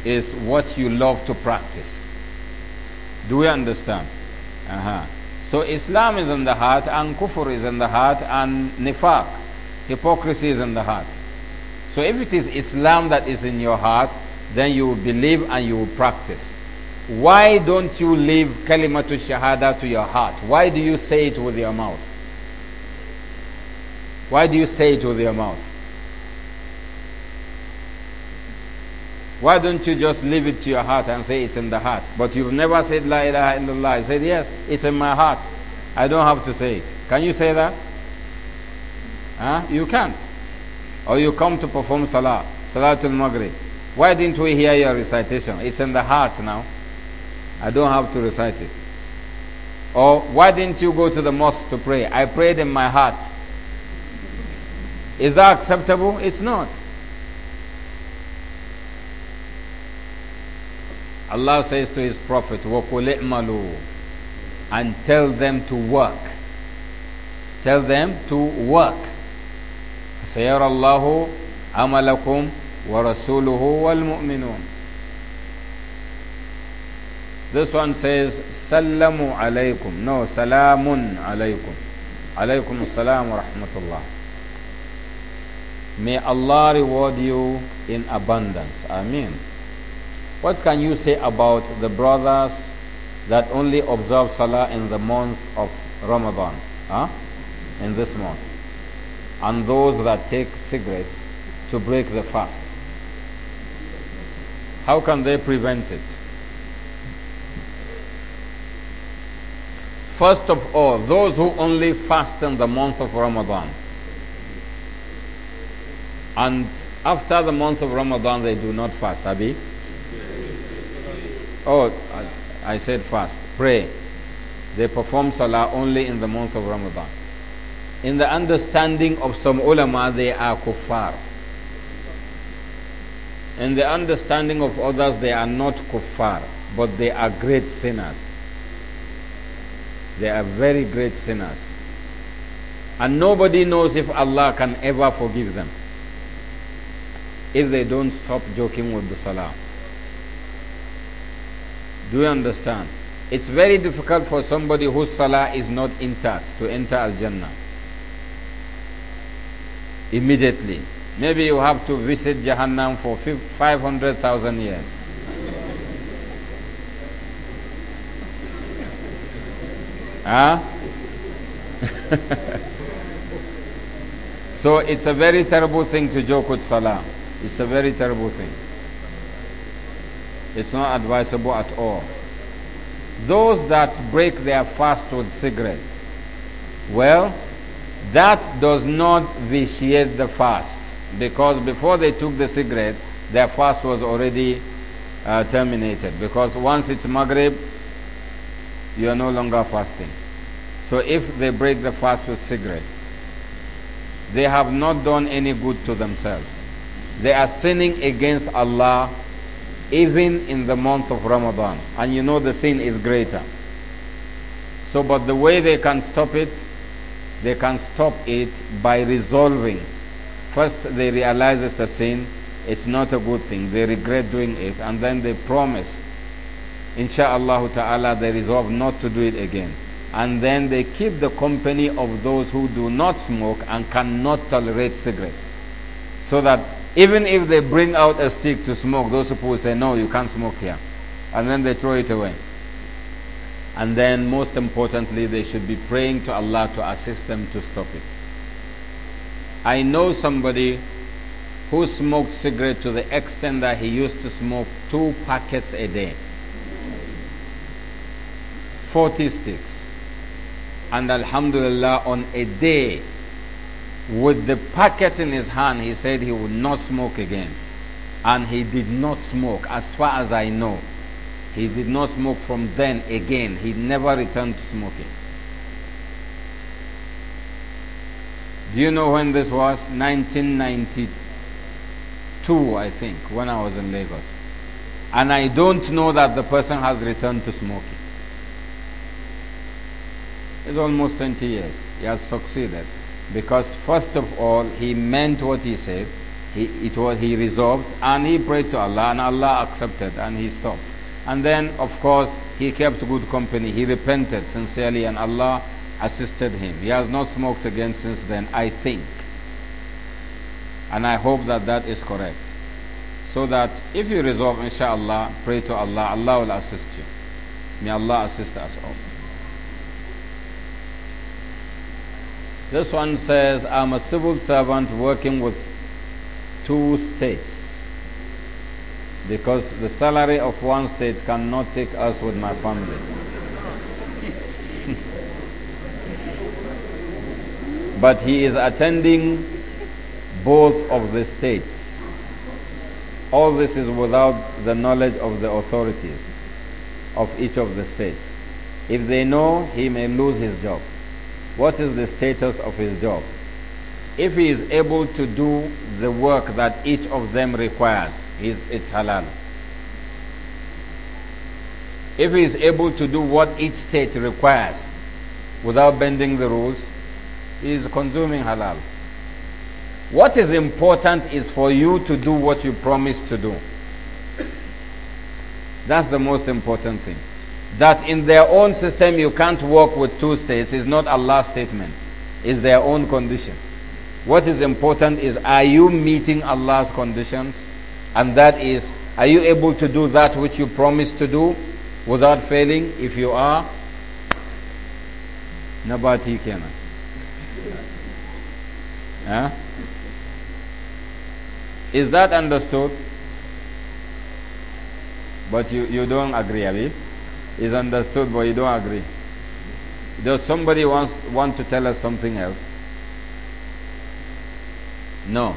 is what you love to practice. Do we understand? Uh-huh. So Islam is in the heart, and kufr is in the heart, and nifaq, hypocrisy is in the heart. So if it is Islam that is in your heart, then you will believe and you will practice. Why don't you leave kalimatu shahada to your heart? Why do you say it with your mouth? Why do you say it with your mouth? Why don't you just leave it to your heart and say it's in the heart? But you've never said La ilaha illallah. I said, Yes, it's in my heart. I don't have to say it. Can you say that? Huh? You can't. Or you come to perform Salah, Salatul Maghrib. Why didn't we hear your recitation? It's in the heart now. I don't have to recite it. Or why didn't you go to the mosque to pray? I prayed in my heart. Is that acceptable? It's not. Allah says to His Prophet, وَقُلِ اعْمَلُوا And tell them to work. Tell them to work. سَيَرَ اللَّهُ عَمَلَكُمْ وَرَسُولُهُ وَالْمُؤْمِنُونَ This one says, سَلَّمُوا عَلَيْكُمْ No, سَلَامٌ عَلَيْكُمْ عليكم السلام ورحمة الله May Allah reward you in abundance. Ameen. What can you say about the brothers that only observe Salah in the month of Ramadan? Huh? In this month. And those that take cigarettes to break the fast. How can they prevent it? First of all, those who only fast in the month of Ramadan. And after the month of Ramadan, they do not fast, Abi. Oh, I said fast. Pray. They perform salah only in the month of Ramadan. In the understanding of some ulama, they are kuffar. In the understanding of others, they are not kuffar, but they are great sinners. They are very great sinners. And nobody knows if Allah can ever forgive them if they don't stop joking with the salah. Do you understand? It's very difficult for somebody whose salah is not intact to enter Al Jannah immediately. Maybe you have to visit Jahannam for 500,000 years. Huh? so it's a very terrible thing to joke with Salah. It's a very terrible thing. It's not advisable at all. Those that break their fast with cigarette, well, that does not vitiate the fast because before they took the cigarette, their fast was already uh, terminated. Because once it's Maghrib, you are no longer fasting. So if they break the fast with cigarette, they have not done any good to themselves. They are sinning against Allah even in the month of Ramadan. And you know the sin is greater. So, but the way they can stop it, they can stop it by resolving. First, they realize it's a sin, it's not a good thing, they regret doing it, and then they promise, insha'Allah ta'ala, they resolve not to do it again. And then they keep the company of those who do not smoke and cannot tolerate cigarette. So that even if they bring out a stick to smoke, those people say, No, you can't smoke here. And then they throw it away. And then, most importantly, they should be praying to Allah to assist them to stop it. I know somebody who smoked cigarette to the extent that he used to smoke two packets a day 40 sticks. And Alhamdulillah, on a day, with the packet in his hand, he said he would not smoke again. And he did not smoke, as far as I know. He did not smoke from then again. He never returned to smoking. Do you know when this was? 1992, I think, when I was in Lagos. And I don't know that the person has returned to smoking. It's almost 20 years. He has succeeded because first of all he meant what he said he, it was, he resolved and he prayed to Allah and Allah accepted and he stopped and then of course he kept good company he repented sincerely and Allah assisted him he has not smoked again since then I think and I hope that that is correct so that if you resolve inshallah pray to Allah Allah will assist you may Allah assist us all This one says, I'm a civil servant working with two states because the salary of one state cannot take us with my family. but he is attending both of the states. All this is without the knowledge of the authorities of each of the states. If they know, he may lose his job what is the status of his job. If he is able to do the work that each of them requires, it's halal. If he is able to do what each state requires without bending the rules, he is consuming halal. What is important is for you to do what you promised to do. That's the most important thing that in their own system you can't work with two states is not Allah's statement, is their own condition. What is important is are you meeting Allah's conditions? And that is, are you able to do that which you promised to do without failing? If you are, nabati kenan. Huh? Is that understood? But you, you don't agree, Abi? is understood, but you don't agree. Does somebody wants, want to tell us something else? No.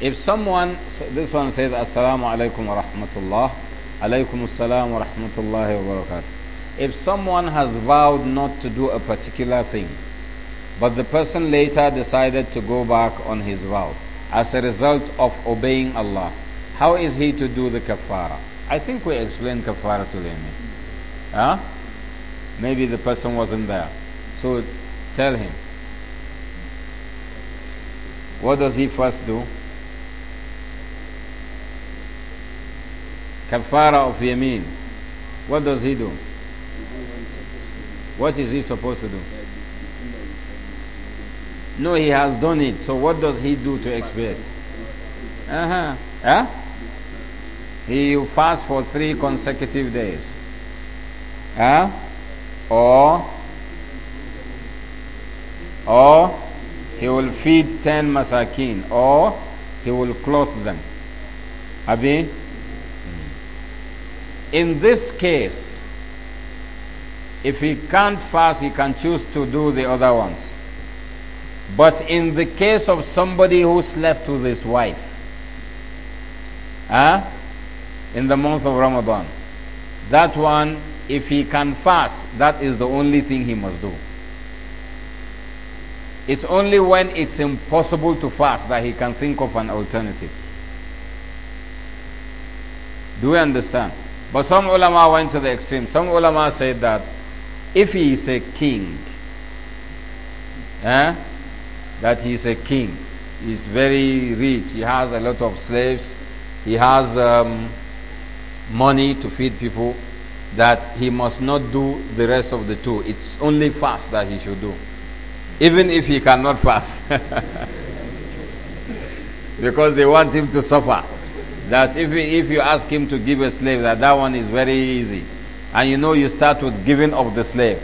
If someone, this one says, Assalamu alaikum wa rahmatullah, alaykum assalam wa rahmatullahi wa barakatuh. If someone has vowed not to do a particular thing, but the person later decided to go back on his vow as a result of obeying Allah, how is he to do the kafara? I think we explained kafara to them. Huh? Maybe the person wasn't there. So tell him. What does he first do? Kafara of Yameen. What does he do? What is he supposed to do? No, he has done it. So what does he do to expiate? Uh huh. Huh? He fast for three consecutive days huh? or or he will feed 10 masakin or he will clothe them abi in this case if he can't fast he can choose to do the other ones but in the case of somebody who slept with his wife huh? in the month of ramadan that one if he can fast, that is the only thing he must do. It's only when it's impossible to fast that he can think of an alternative. Do we understand? But some ulama went to the extreme. Some ulama said that if he is a king, eh, that he is a king, he is very rich, he has a lot of slaves, he has um, money to feed people that he must not do the rest of the two. It's only fast that he should do, even if he cannot fast. because they want him to suffer. That if, if you ask him to give a slave, that that one is very easy. And you know you start with giving of the slave.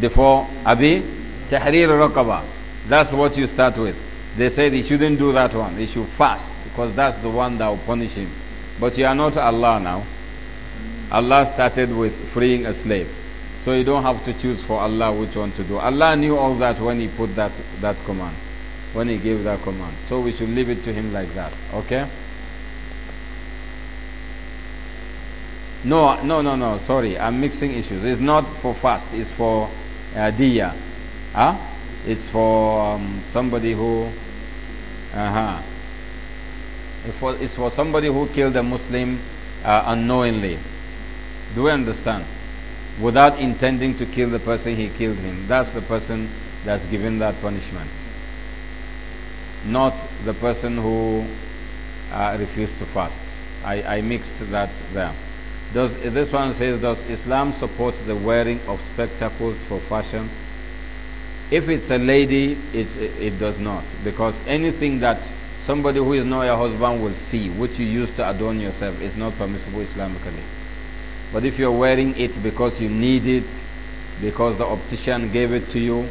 Before Abi, Tahrir Raqaba. That's what you start with. They said he shouldn't do that one. He should fast because that's the one that will punish him. But you are not Allah now. Allah started with freeing a slave. So you don't have to choose for Allah which one to do. Allah knew all that when He put that, that command, when He gave that command. So we should leave it to Him like that. Okay? No, no, no, no. Sorry, I'm mixing issues. It's not for fast. It's for uh, diya. Huh? It's for um, somebody who. Uh huh. It's for, somebody who killed a Muslim uh, unknowingly. Do we understand? Without intending to kill the person, he killed him. That's the person that's given that punishment. Not the person who uh, refused to fast. I, I mixed that there. Does, this one says, does Islam support the wearing of spectacles for fashion? If it's a lady, it's, it does not. Because anything that somebody who is not your husband will see, which you use to adorn yourself, is not permissible Islamically. But if you're wearing it because you need it, because the optician gave it to you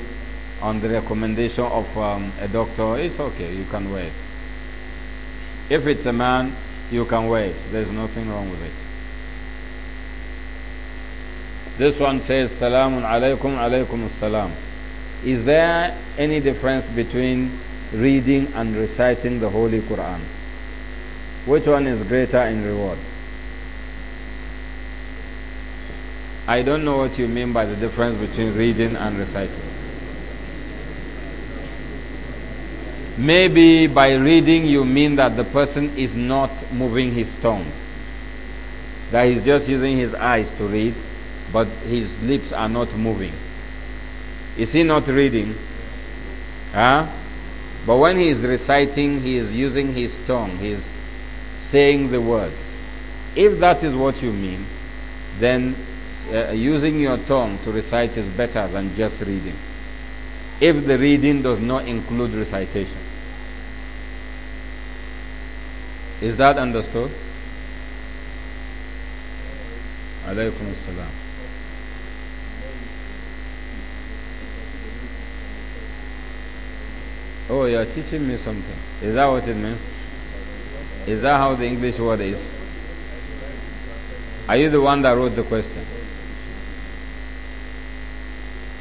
on the recommendation of um, a doctor, it's okay, you can wear it. If it's a man, you can wear it. There's nothing wrong with it. This one says, Salamun alaykum alaykum salam. Is there any difference between reading and reciting the Holy Quran? Which one is greater in reward? I don't know what you mean by the difference between reading and reciting. Maybe by reading you mean that the person is not moving his tongue, that he's just using his eyes to read, but his lips are not moving. Is he not reading? Huh? But when he is reciting, he is using his tongue, he is saying the words. If that is what you mean, then uh, using your tongue to recite is better than just reading. If the reading does not include recitation. Is that understood? Alaykum salam. Oh, you're teaching me something. Is that what it means? Is that how the English word is? Are you the one that wrote the question?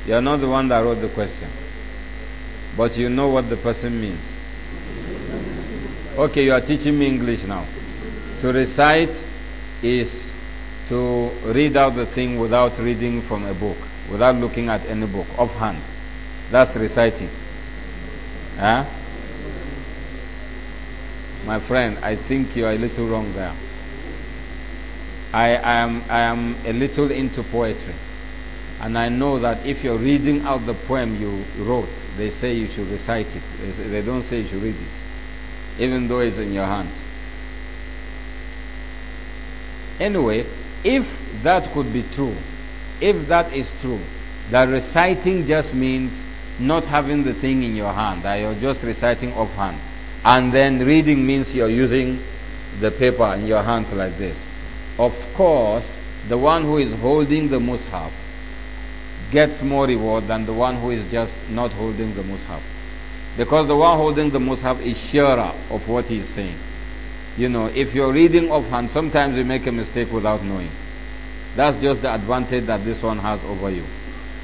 You're not the one that wrote the question. But you know what the person means. Okay, you are teaching me English now. To recite is to read out the thing without reading from a book, without looking at any book, offhand. That's reciting. Huh? My friend, I think you are a little wrong there. I am, I am a little into poetry. And I know that if you're reading out the poem you wrote, they say you should recite it. They, say, they don't say you should read it, even though it's in your hands. Anyway, if that could be true, if that is true, that reciting just means not having the thing in your hand, that you're just reciting offhand. And then reading means you're using the paper in your hands like this. Of course, the one who is holding the mushaf gets more reward than the one who is just not holding the mushaf. Because the one holding the mushaf is surer of what he is saying. You know, if you're reading offhand, sometimes you make a mistake without knowing. That's just the advantage that this one has over you.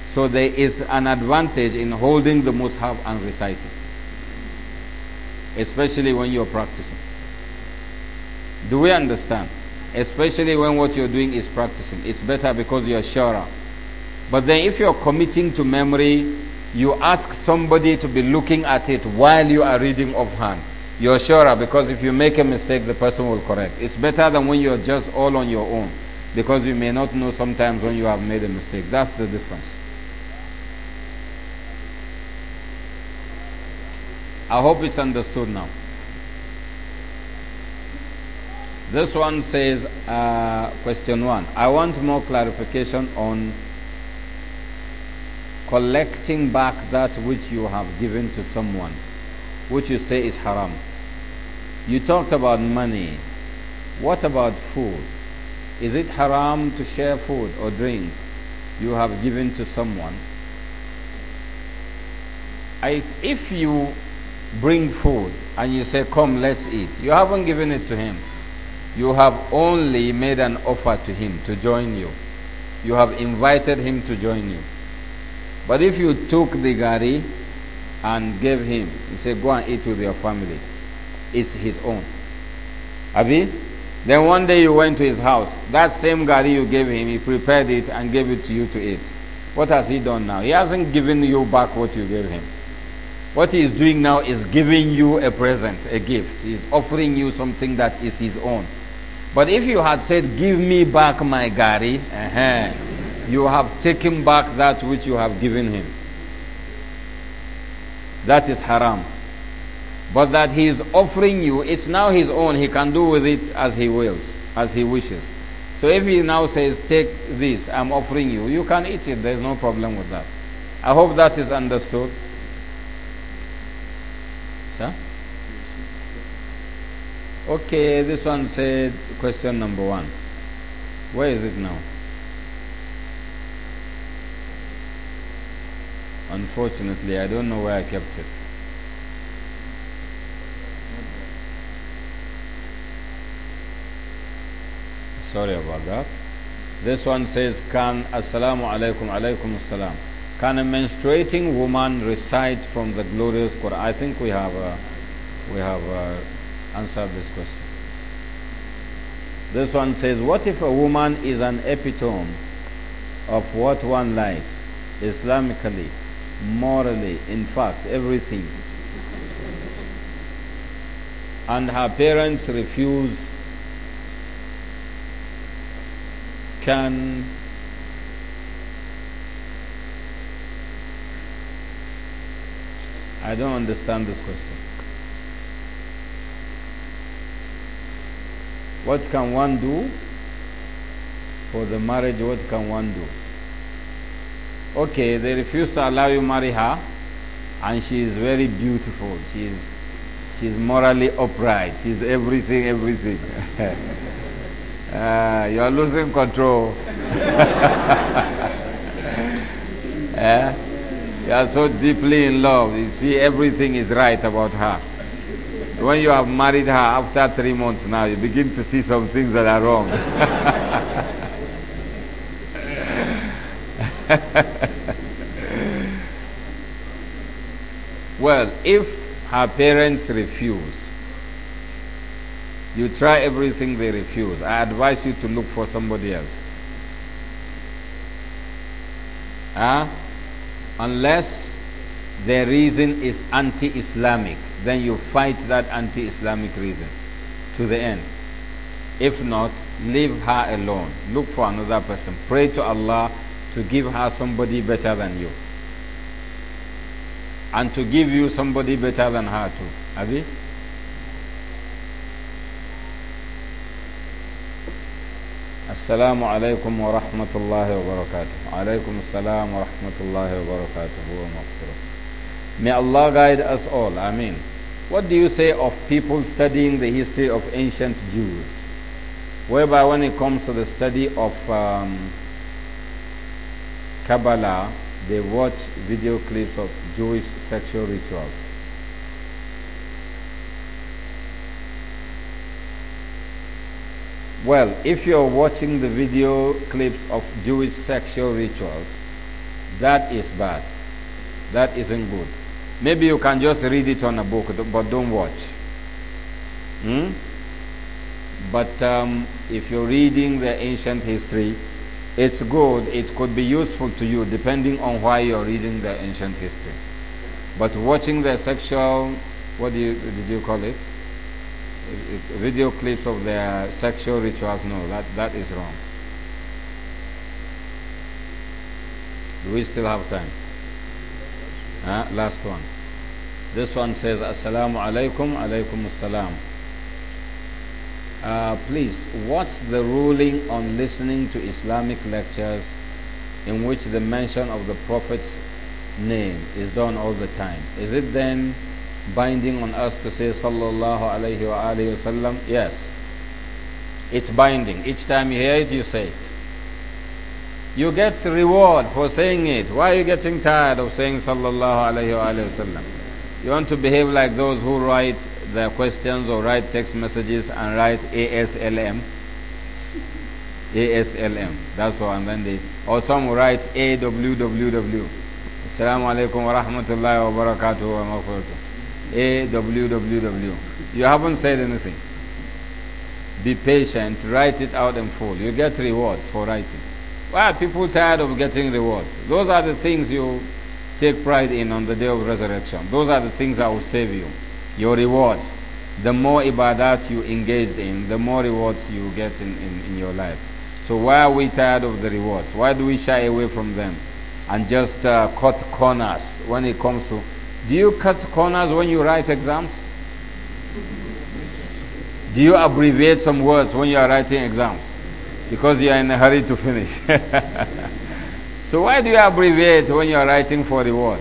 So there is an advantage in holding the mushaf and reciting, especially when you're practicing. Do we understand? Especially when what you're doing is practicing. It's better because you're surer. But then if you're committing to memory, you ask somebody to be looking at it while you are reading offhand. You're surer ah, because if you make a mistake, the person will correct. It's better than when you're just all on your own because you may not know sometimes when you have made a mistake. That's the difference. I hope it's understood now. This one says, uh, question one. I want more clarification on collecting back that which you have given to someone, which you say is haram. You talked about money. What about food? Is it haram to share food or drink you have given to someone? if you bring food and you say, Come, let's eat, you haven't given it to him. You have only made an offer to him to join you. You have invited him to join you. But if you took the gari and gave him, you say, go and eat with your family, it's his own. Abi? Then one day you went to his house. That same gari you gave him, he prepared it and gave it to you to eat. What has he done now? He hasn't given you back what you gave him. What he is doing now is giving you a present, a gift. He is offering you something that is his own. But if you had said, Give me back my gari, uh -huh you have taken back that which you have given him. That is haram. But that he is offering you, it's now his own. He can do with it as he wills, as he wishes. So if he now says, Take this, I'm offering you, you can eat it. There's no problem with that. I hope that is understood. Sir? Okay, this one said question number one. Where is it now? Unfortunately, I don't know where I kept it. Sorry about that. This one says, Can Assalamu alaikum alaikum assalam. Can a menstruating woman recite from the glorious Quran? I think we have, we have answered this question. This one says, What if a woman is an epitome of what one likes Islamically? morally, in fact, everything. And her parents refuse, can I don't understand this question. What can one do for the marriage? What can one do? okay, they refuse to allow you marry her, and she is very beautiful. She is, morally upright. She is everything, everything. uh, you are losing control. Eh? You are so deeply in love. You see, everything is right about her. When you have married her after three months now, you begin to see some things that are wrong. well, if her parents refuse, you try everything they refuse. I advise you to look for somebody else. Ah, Unless their reason is anti Islamic, then you fight that anti Islamic reason to the end. If not, leave her alone. Look for another person. Pray to Allah to give her somebody better than you and to give you somebody better than her too. Abi? السلام wa rahmatullahi wa barakatuh. عليكم assalam wa rahmatullahi wa barakatuh. May Allah guide us all. Ameen. What do you say of people studying the history of ancient Jews? Whereby when it comes to the study of um, Kabbalah, they watch video clips of Jewish sexual rituals. Well, if you're watching the video clips of Jewish sexual rituals, that is bad. That isn't good. Maybe you can just read it on a book, but don't watch. Hmm? But um, if you're reading the ancient history, it's good, it could be useful to you depending on why you're reading the ancient history. But watching the sexual, what do you, did you call it? Video clips of their sexual rituals, no, that, that is wrong. Do we still have time? Huh? Last one. This one says, Assalamu alaikum, alaikum assalam. Uh, please, what's the ruling on listening to Islamic lectures in which the mention of the Prophet's name is done all the time? Is it then binding on us to say Sallallahu Alaihi Wasallam? Yes. It's binding. Each time you hear it, you say it. You get reward for saying it. Why are you getting tired of saying Sallallahu Alaihi Wasallam? you want to behave like those who write their questions or write text messages and write ASLM. ASLM. That's all. And then they, or some will write AWWW. Assalamu alaikum wa rahmatullahi wa barakatuh wa maghfiratuh. AWWW. You haven't said anything. Be patient, write it out in full. You get rewards for writing. Why are people tired of getting rewards? Those are the things you take pride in on the day of resurrection. Those are the things that will save you your rewards. The more ibadat you engaged in, the more rewards you get in, in, in your life. So why are we tired of the rewards? Why do we shy away from them and just uh, cut corners when it comes to... Do you cut corners when you write exams? Do you abbreviate some words when you are writing exams? Because you are in a hurry to finish. so why do you abbreviate when you are writing for reward?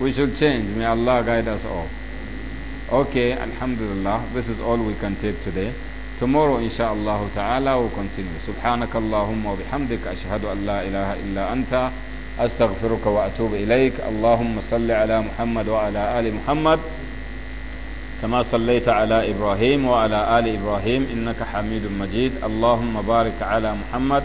we should change. May Allah guide us all. Okay, Alhamdulillah. This is all we can take today. Tomorrow, inshaAllah ta'ala, we'll continue. Subhanakallahumma wa bihamdik. Ashhadu an la illa anta. Astaghfiruka wa atubu ilayk. Allahumma salli ala Muhammad wa ala ali Muhammad. كما صليت Ibrahim إبراهيم وعلى آل إبراهيم إنك حميد majid. اللهم بارك على محمد